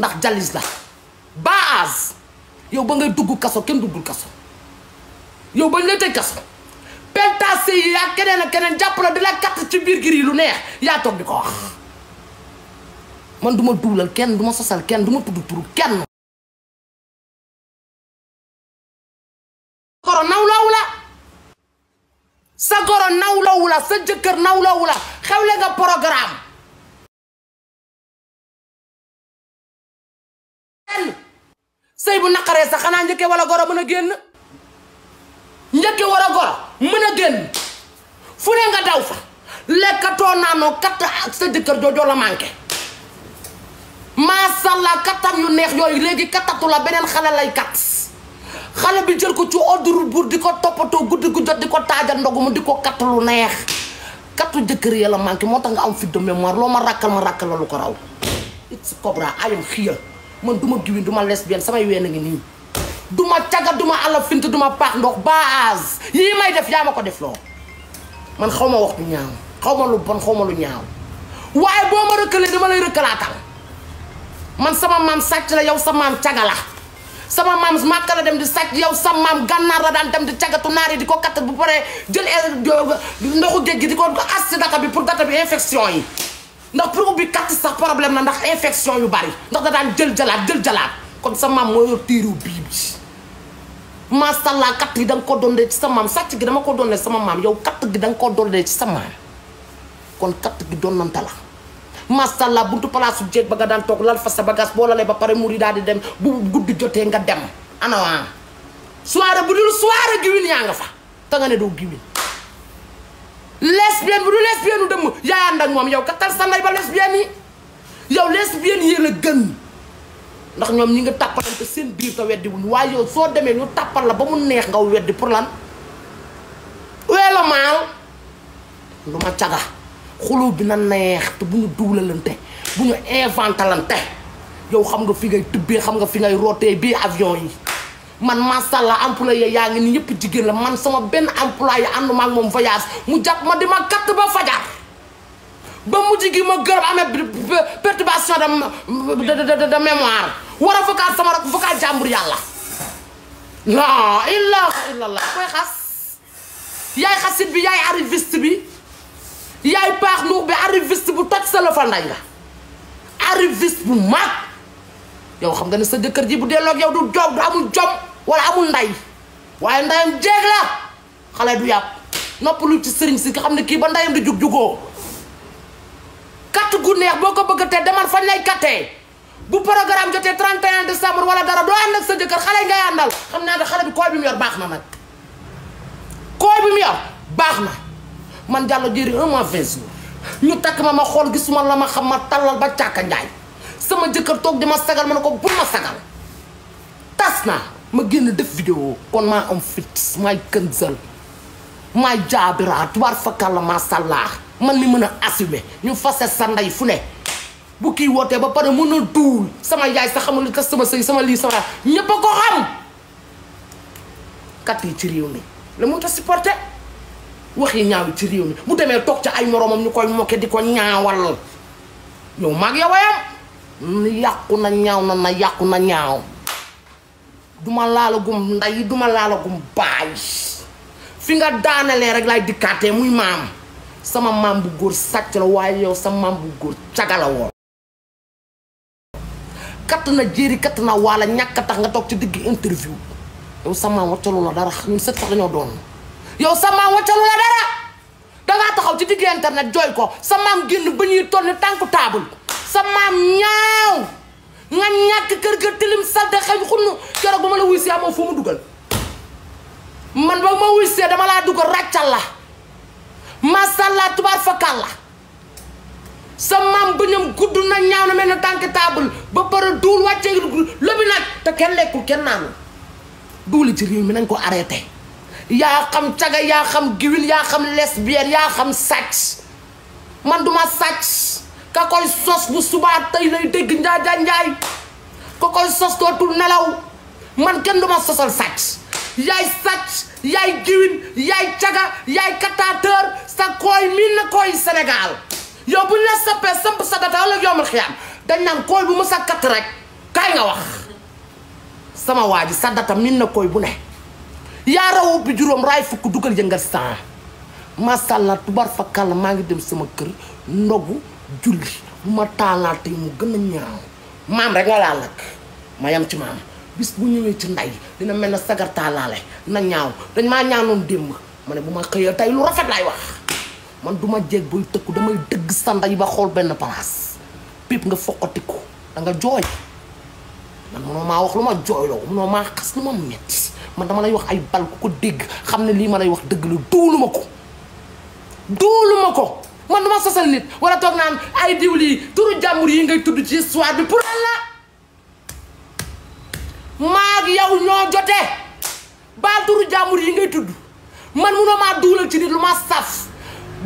ndax jalis la baas yow ba ngay dugg kaso kenn duggul kaso yow ba lay tëj kaso pentaase yi yaa keneen ak keneen jàpp la di la katt ci biir gir yi lu neex yaa toog di ko wax man duma duulal kenn duma sosal kenn duma tudd turu kenn goro nawloowu sa goro nawloowu la sa jëkkër nawloowu la xewle nga programme sëy bu naqaree sax xanaa njëkkee wala goro mën a génn njëkkee wala goro mën a génn fu ne nga daw fa lekkatoo naanoo katta ak sa jëkkër joojoo la manqué maasàllaa kattam yu neex yooyu léegi kattatu la beneen xale lay kat xale bi jël ko ci ordre buur di ko toppatoo guddi gu jot di ko taajal ndogu mu di ko katt lu neex kattu jëkkër ya la manqué moo tax nga am fit de mémoire loo ma rakkal ma rakkal la lu ko raw it's cobra ayam xiyal man du ma giwin duma ma lesbienne samay ween a ngi nii du ma caga du ma ala fint du ma paax ndox baas yii may def yaa ma ko def loo man xaw ma wax du ñaaw xaw ma lu bon xaw ma lu ñaaw waaye boo ma rëkkalee dama lay rëkkalaatal man sama maam sàcc la yow sa maam caga la sama maam màkka la dem di sàcc yow sa maam gànnaar la daan dem di cagatu naar yi di ko katt bu bare jël eh, ndoxu géej gi di ko assi data bi pour data bi infection yi ndax pour artiste sax problème na ndax infection yu bari ndax da daan jël jalaat jël jalaat kon sa maam moo yor téerew bii bi maasàllaa katt gi da nga ko dondee ci sa maam gi dama ko dondee sama maam yow katt gi da nga ko dondee ci kon katt gi donnante la maasàllaa buntu palaasu jeeg ba nga daan toog lal fa sa bagage boo lalee ba pare muri daal di dem bu guddi jotee nga dem anawaan soirée bu dul soirée giwin yaa nga fa te nga ne doo giwin lesbienne bu du lesbienne dëmm yaa ànd ak moom yow kattal sa nay ba lesbienne yi yow les lesbienne yéen a gën ndax ñoom ñi nga tàppalante seen biir te weddi wuñ waaye yow soo demee ñu tàppal la ba mu neex nga weddi pour lan weela maal lu ma caga xuloo bi na neex te bu ñu duulalante bu ñu inventalante yow xam nga fi ngay tëbbee xam nga fi ngay rootee bii avion yi man masalla employé yaa ngi ni ñëpp jigéen la man sama benn employé ànduma ak moom voyage mu jàpp ma di ma katt ba fajar ba mujj gi ma gërëm amee perturbation de de mémoire war a vocal sama rek vocal jàmbur yàlla non ilaha illallah koy xas yaay xasit bi yaay arriviste bi yaay paax nuux bi arriviste bu toj sa la nday nga arriviste bu mag yow xam nga ne sa jëkkër ji bu delloo yow du jom du amul jom wala amul nday waaye ndayam jeeg la xale du yàpp nopp lu ci sëriñ si nga xam ne kii ba ndayam di jug jugoo katt gu neex boo ko bëgg a tee demal fañ lay kattee bu programme jotee 31 décembre wala dara doo ànd ak sa jëkkër xale ngay àndal xam naa ne xale bi kooy bi mu yor baax na nag kooy bi mu yor baax na man jàllo jëri un mois vingt ñu takk ma ma xool gisuma la ma xam ma tallal ba càkka njaay sama jëkkër toog di ma sagal ma ne ko bul ma sagal tas naa ma génn def vidéo kon maa am fit maay kënzal maay jaabira tubaar fakkal la maa sàllaa man mi mën a assumer ñu fase sa ndey fu ne bu kii wootee ba pare mën a duul sama yaay sa xamul li sama sëy sama lii sama ñépp a ko xam kat yi ci réew mi la mun ta supporter wax yi ñaaw ci réew mi bu demee toog ca ay moroomam ñu koy mokke di ko ñaawal yow maag yow yam yàqu na ñaaw na na yàqu na ñaaw duma laalagum ndey duma laalagum baay fi nga daanalee rek laay dikkaatee muy maam sama maam bu góor sàcc yow sama maam bu góor caga la katt na jéeri katt na waala ñàkk tax nga toog ci digg interview yow sama maam waccalu la dara ñun sët sax dañoo doon yow sama maam waccalu la dara dangaa taxaw ci digg internet jooy ko sa maam génn ba ñuy toll tànku taabal sa maam ñaaw nga ñàkk kër ga tilim salte xeñ xunnu keroog ba ma la wuy see amoo fu mu dugal man ba ma wuy see dama laa dugal ràccal la masalla tubaar fakal la sa maam bëñam gudd na ñaaw na mel na tànk taabal ba pare duul wàcce lobi nag te kenn lekkul kenn naanul duuli ci réew mi nañ ko arrêté yaa xam caga yaa xam giwin yaa xam lesbienne yaa xam sàcc man duma sàcc ka koy sos bu subaa tey lay dégg njaaja njaay ka koy sos dootul nelaw man kenn duma sosal sàcc yaay sàcc yaay giwin yaay caga yaay kataateur sa kooy miin na kooy Sénégal yow bu ñu la sappee samp sa data wala dañ naan kooy bu mu sa kat rek kaay nga wax sama waa ji sa data miin na koy bu ne yaa raw bi juróom raay fukk dugal yëngal san masalla tubar fa kàll maa ngi dem sama kër ndogu julli bu ma taalaatee mu gën a ñaaw maam rek la laa lakk ma yam ci maam bis bu ñëwee ci nday dina mel na sagar taalaale na ñaaw dañ maa ñaanoon démb ma ne bu ma xëyee tey lu rafet laay wax man du ma jeeg buy tëkku damay dëgg sanda ba xool benn place pépp nga foqatiku da nga jooy man munoo maa wax lu ma jooyloo munoo maa xas lu ma metti man dama lay wax ay bal ku ko dégg xam ne lii ma lay wax dëgg la duulu ko duulu ma ko man du ma sosal nit wala toog naan ay diw turu jàmbur yi ngay tudd ci histoire bi pour la maag yow ñoo jotee baaturu jàmbur yi ngay tudd man munoo maa duulal ci nit lu ma saf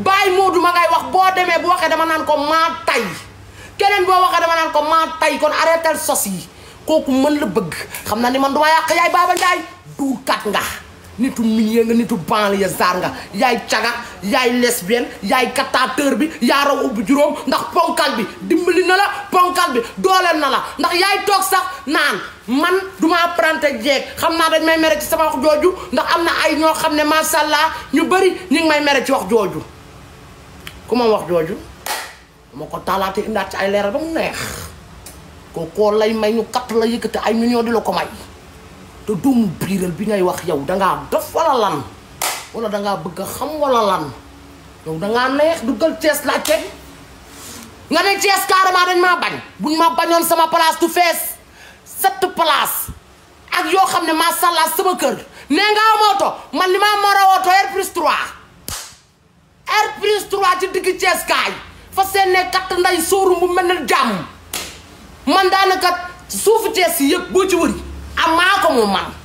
bàyyi Modou ma ngay wax boo demee bu waxee dama naan ko maa tay keneen boo waxee dama ko maa tay kon arrêtel sos yi kooku mën la bëgg xam na ni man duma yàq yaay Baaba Njaay duukat nga nitu milieu nga nitu banlieue zaar nga yaay caga yaay lesbienne yaay katateur bi yaa raw ubbi juróom ndax ponkal bi dimbali na la ponkal bi dooleel na la ndax yaay toog sax naan man duma prante jeeg xam naa dañ may mere ci sama wax jooju ndax am na ay ñoo xam ne macha allah ñu bari ñu may mere ci wax jooju ku ma wax jooju moo ko taalaate indaat ci ay leeral ba mu neex ko koo lay may ñu katt la yëkkate ay million di la ko may te doomu biiral bi ngay wax yow dangaa dof wala lan wala dangaa bëgg a xam wala lan yow dangaa neex duggal Cees laajte nga ne Cees carrément dañ maa bañ buñ ma bañoon sama place du fees sept places ak yoo xam ne macha allah sama kër nee nga am oto man li ma am war a oto R plus 3 R ci digg Thiès kaay fa seen ne katt bu mel ne man daanaka suufu Thiès yi yëpp boo ci wëri am maa man.